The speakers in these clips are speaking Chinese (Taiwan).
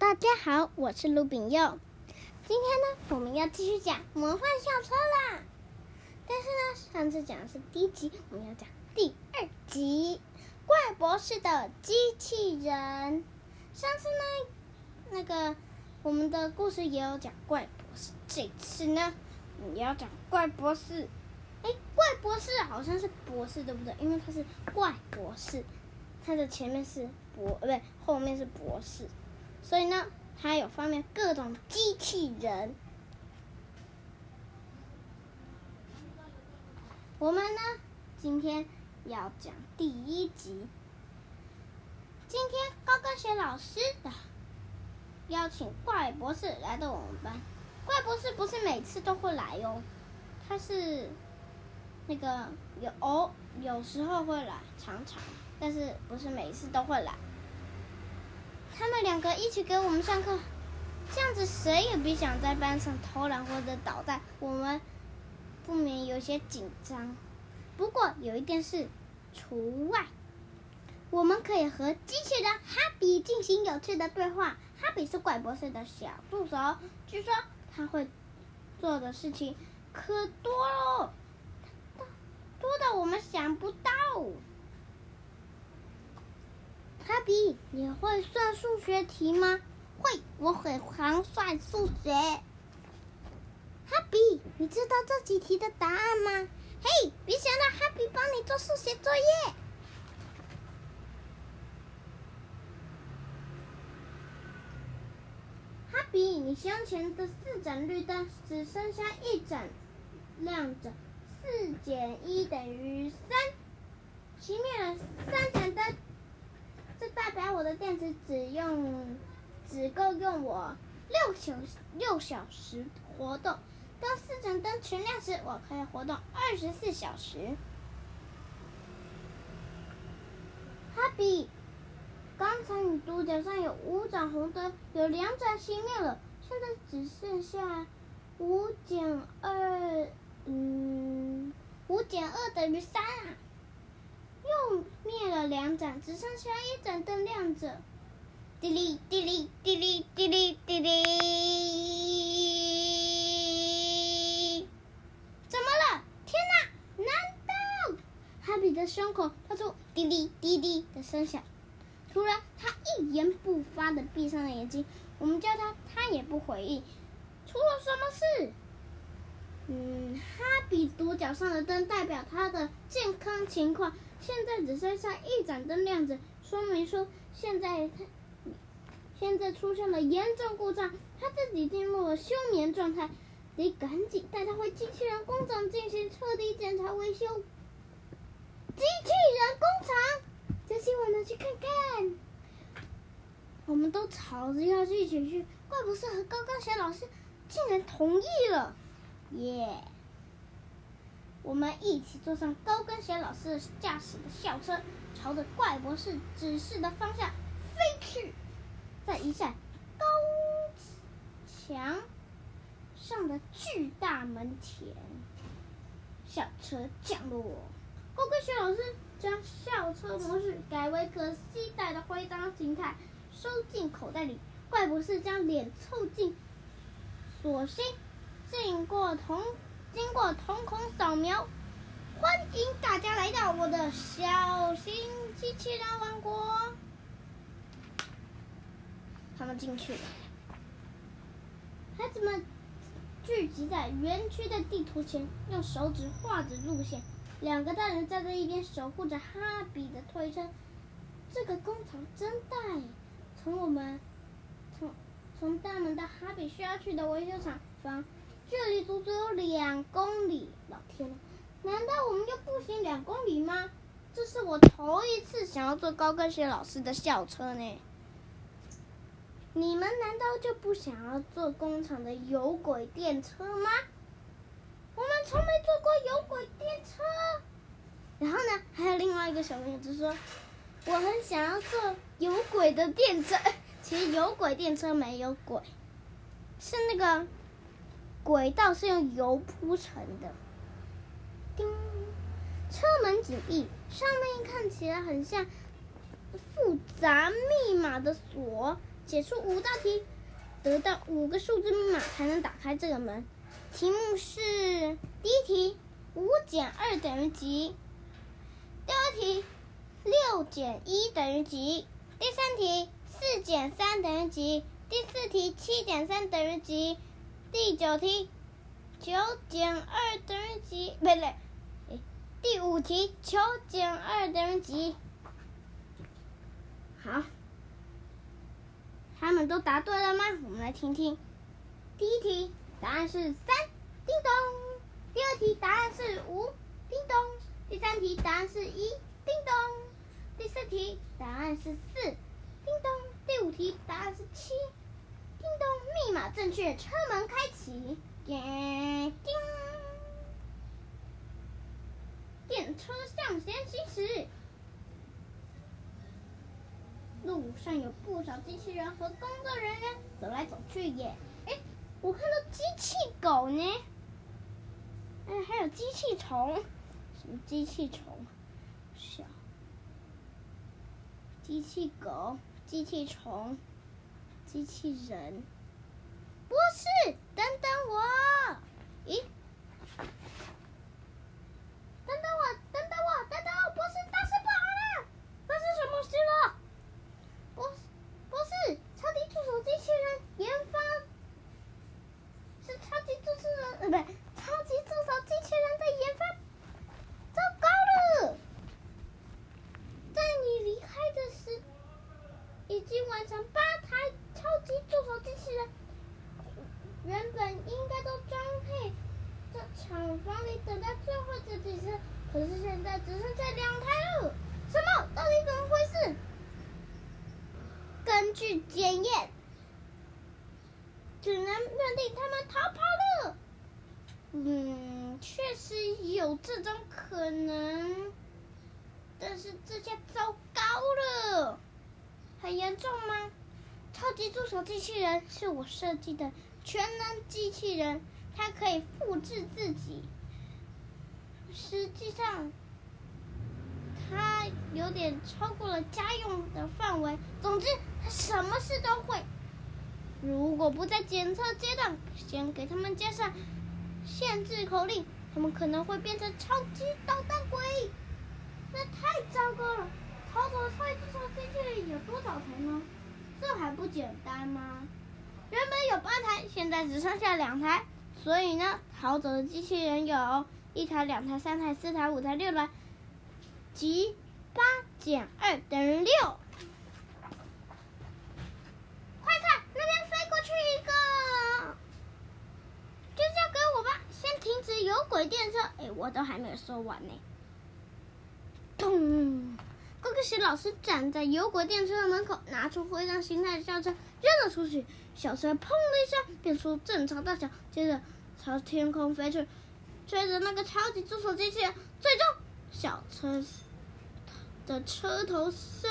大家好，我是盧炳佑。今天呢，我們要繼續講《魔幻校車》啦。但是呢，上次講的是第一集，我們要講第二集《怪博士的機器人》。上次呢，那個我們的故事也有講怪博士，這次呢你要講怪博士。哎，怪博士好像是博士，對不對？因為他是怪博士，他的前面是博，不對，後面是博士。所以呢，他有發明各種機器人。我們呢，今天要講第一集。今天高科學老師的邀請怪博士來到我們班。怪博士不是每次都會來喲、哦，他是那個有、哦、有時候會來，常常，但是不是每次都會來。他們兩個一起給我們上課，這樣子誰也別想在班上偷懶或者搗蛋。我們不免有些緊張，不過有一件事除外，我們可以和機器人哈比進行有趣的對話。哈比是怪博士的小助手，據說他會做的事情可多嘍，多到我們想不到。哈比，你會算數學題嗎？會，我很常算數學。哈比，你知道這幾題的答案嗎？嘿，hey，別想讓哈比幫你做數學作業。哈比，你胸前的四盞綠燈只剩下一盞亮着，四減一等於三，熄滅了三盞燈。這代表我的電池只用，只夠用我六小六小時活動。當四盞燈全亮時，我可以活動二十四小時。哈比，剛才你獨角上有五盞紅燈，有兩盞熄滅了，現在只剩下五減二，2, 嗯，五減二等於三啊。又滅了兩盞，只剩下一盞燈亮着，滴哩滴哩滴哩滴哩滴哩，嘀嘀嘀嘀嘀，怎麼了？天哪！難道哈比的胸口發出滴哩滴哩的聲響？突然，他一言不發地閉上了眼睛。我們叫他，他也不回應。出了什麼事？嗯，哈比獨角上的燈代表他的健康情況。現在只剩下一盞燈亮着，說明書現在他現在出現了嚴重故障，他自己進入了休眠狀態，得趕緊帶他回機器人工廠進行徹底檢查維修。機器人工廠，這今晚能去看看？我們都吵着要去，一起去，怪博士和高高鞋老師竟然同意了，耶、yeah.！我們一起坐上高跟鞋老師駕駛的校車，朝着怪博士指示的方向飛去。在一扇高牆上的巨大門前，校車降落。高跟鞋老師將校車模式改為可攜帶的徽章形態，收進口袋裡。怪博士將臉湊近鎖芯，經過同。經過瞳孔掃描，歡迎大家來到我的小型機器人王國。他們進去了。孩子們聚集在園區的地圖前，用手指畫着路線。兩個大人站在一邊守護着哈比的推車。這個工廠真大呀！從我們從從大門到哈比需要去的維修廠房，距離足足有兩公里，老天，難道我們就步行兩公里嗎？這是我頭一次想要坐高跟鞋老師的校車呢。你們難道就不想要坐工廠的有軌電車嗎？我們從沒坐過有軌電車。然後呢，還有另外一個小朋友就說，我很想要坐有軌的電車。其實有軌電車沒有軌，是那個。軌道是用油鋪成的。叮，車門緊閉，上面看起來很像複雜密碼的鎖。解出五道題，得到五個數字密碼，才能打開這個門。題目是：第一題，五減二等於幾？第二題，六減一等於幾？第三題，四減三等於幾？第四題，七減三等於幾？第九題，九減二等於幾？不對，哎，第五題，九減二等於幾？好，他們都答對了嗎？我們來聽聽。第一題答案是三，叮咚。第二題答案是五，叮咚。第三題答案是一，叮咚。第四題答案是四，叮咚。第五題答案是七。叮咚，密碼正確，車門開啟。叮，叮，電車向前行駛，路上有不少機器人和工作人員走來走去。耶，哎，我看到機器狗呢，哎，還有機器蟲，什麼機器蟲？小機器狗，機器蟲。機器人，不是，等等我，咦？機器人原本應該都裝配在廠房裡，等待最後的檢測，可是現在只剩下兩台了。什麼？到底怎麼回事？根據檢驗，只能認定他們逃跑了。嗯，確實有這種可能，但是這下糟糕了，很嚴重嗎？超級助手機器人是我設計的全能機器人，它可以複製自己。實際上，它有點超過了家用的範圍。總之，它什麼事都會。如果不在檢測階段，先給他們加上限制口令，他們可能會變成超級搗蛋鬼。那太糟糕了！操作超級助手機器人有多少台呢？這還不簡單嗎？原本有八台，現在只剩下兩台，所以呢，逃走的機器人有一台、兩台、三台、四台、五台、六台，即八減二等於六。快看，那邊飛過去一個，就交、是、給我吧。先停止有軌電車，哎，我都還沒有說完呢。咚！高格西老師站在有軌電車的門口，拿出徽章形態的校車扔了出去。小車碰了“砰”的一聲變出正常大小，接着朝天空飛去，追着那個超級助手機器人。最終，小車的車頭伸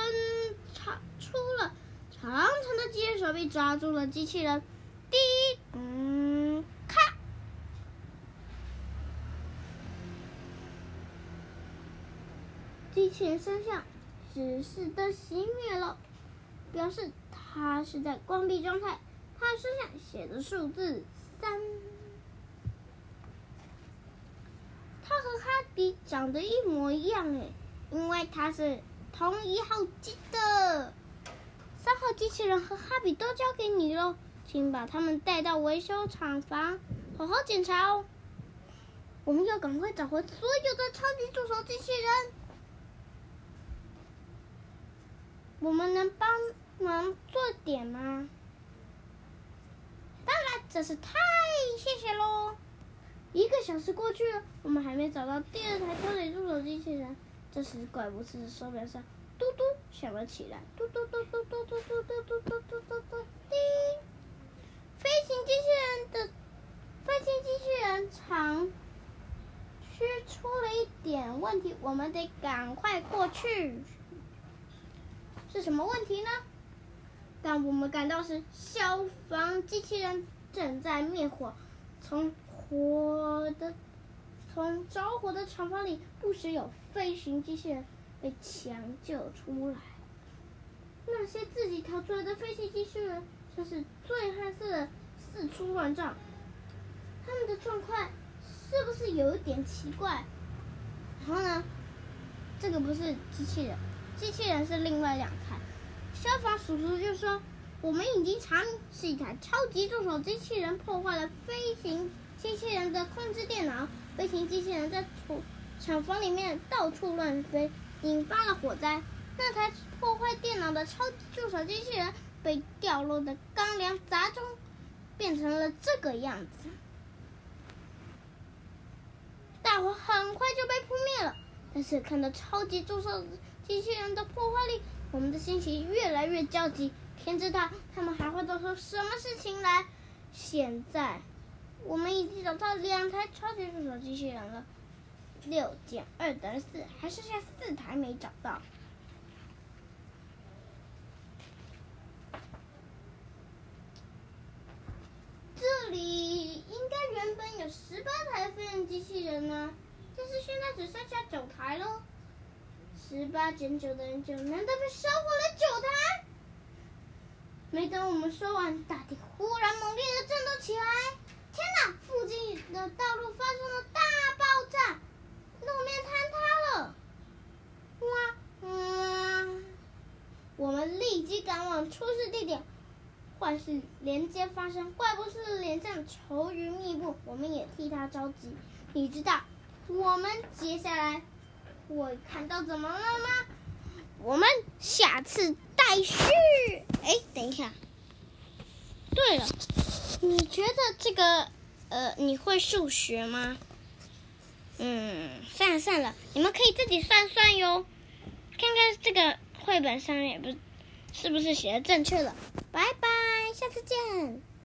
長出了長長的機械手臂，抓住了機器人。滴，嗯，咔，機器人摔下。指示燈熄滅了，表示他是在關閉狀態。他身上寫的數字三，他和哈比長得一模一樣哎，因為他是同一號機的。三號機器人和哈比都交給你了，請把他們帶到維修廠房，好好檢查哦。我們要趕快找回所有的超級助手機器人。我們能幫忙做點嗎？當然，真是太謝謝嘍！一個小時過去了，我們還沒找到第二台超級助手機器人。這時，怪博士手表上“嘟嘟”響了起來，“嘟嘟嘟嘟嘟嘟嘟嘟嘟嘟嘟嘟”，叮！飛行機器人的飛行機器人廠區出了一點問題，我們得趕快過去。是什麼問題呢？當我們趕到時，消防機器人正在滅火。從火的從着火的廠房裡，不時有飛行機器人被搶救出來。那些自己逃出來的飛行機器人就是醉漢似的四處亂撞。他們的狀態是不是有一點奇怪？然後呢？這個不是機器人。機器人是另外兩台，消防叔叔就說：“我們已經查明，是一台超級助手機器人破壞了飛行機器人的控制電腦，飛行機器人在廠房裡面到處亂飛，引發了火災。那台破壞電腦的超級助手機器人被掉落的鋼樑砸中，變成了這個樣子。大火很快就被撲滅了，但是看到超級助手。”機器人的破壞力，我們的心情越來越焦急。天知道他們還會做出什麼事情來。現在，我們已經找到兩台超級助手機器人了。六減二等於四，4，還剩下四台沒找到。這裡應該原本有十八台飛人機器人呢、啊，但是現在只剩下九台了。十八減九等於九，難道被燒毀了酒壇？沒等我們說完，大地忽然猛烈地震動起來。天哪！附近的道路發生了大爆炸，路面坍塌了。哇、嗯！我們立即趕往出事地點。壞事連接發生，怪博士臉上愁雲密布，我們也替他着急。你知道，我們接下來。我看到，怎麼了嗎？我們下次再續。哎，等一下。對了，你覺得這個，呃，你會數學嗎？嗯，算了算了，你們可以自己算算喲，看看這個繪本上面不是不是不是寫的正確了。拜拜，下次見。